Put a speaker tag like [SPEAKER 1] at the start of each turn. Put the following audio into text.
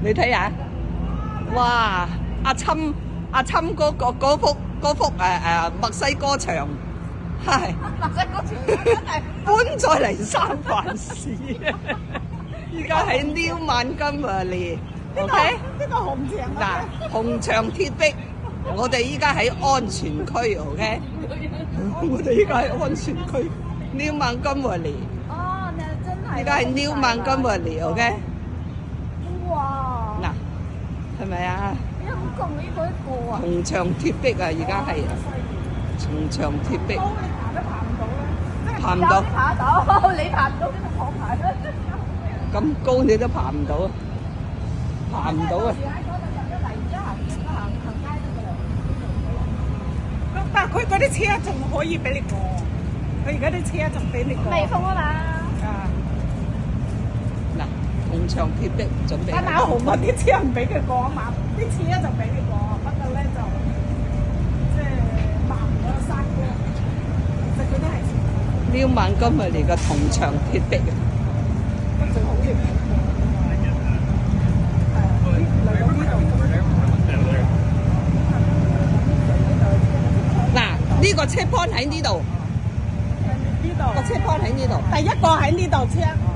[SPEAKER 1] 你睇下、啊，哇！阿琛，阿琛嗰幅嗰幅誒誒墨西哥牆，係墨西哥牆真係搬咗嚟三藩市，依家 m New Montgomery 喎 e 你 y 呢個紅牆嗱，okay？紅牆鐵壁，我
[SPEAKER 2] 哋依家喺安全區，OK？我哋依家喺安全區，New Montgomery 喎 y 哦，你
[SPEAKER 1] 真係依家係 New Montgomery
[SPEAKER 2] 喎 y OK？係咪啊？一共呢個一個啊！銅牆鐵壁啊，而家係。銅牆鐵壁。咁
[SPEAKER 1] 高你爬都爬唔到啦，爬唔到。爬到，你爬唔到邊度？我爬啦。咁高你都爬唔到，爬唔到啊！但係佢嗰啲車仲可以
[SPEAKER 2] 俾你過，佢而家啲車仲
[SPEAKER 3] 俾你過。未封啊嘛？長
[SPEAKER 2] 鐵的準備。阿南紅問啲車唔俾佢過啊嘛，啲車咧就俾佢過，不過咧就即係慢咗三
[SPEAKER 3] 個。其
[SPEAKER 2] 實佢都係。呢晚今日嚟個銅牆鐵壁啊！嗱，呢個車樑喺呢度，個車樑喺呢度，第一個喺呢度車。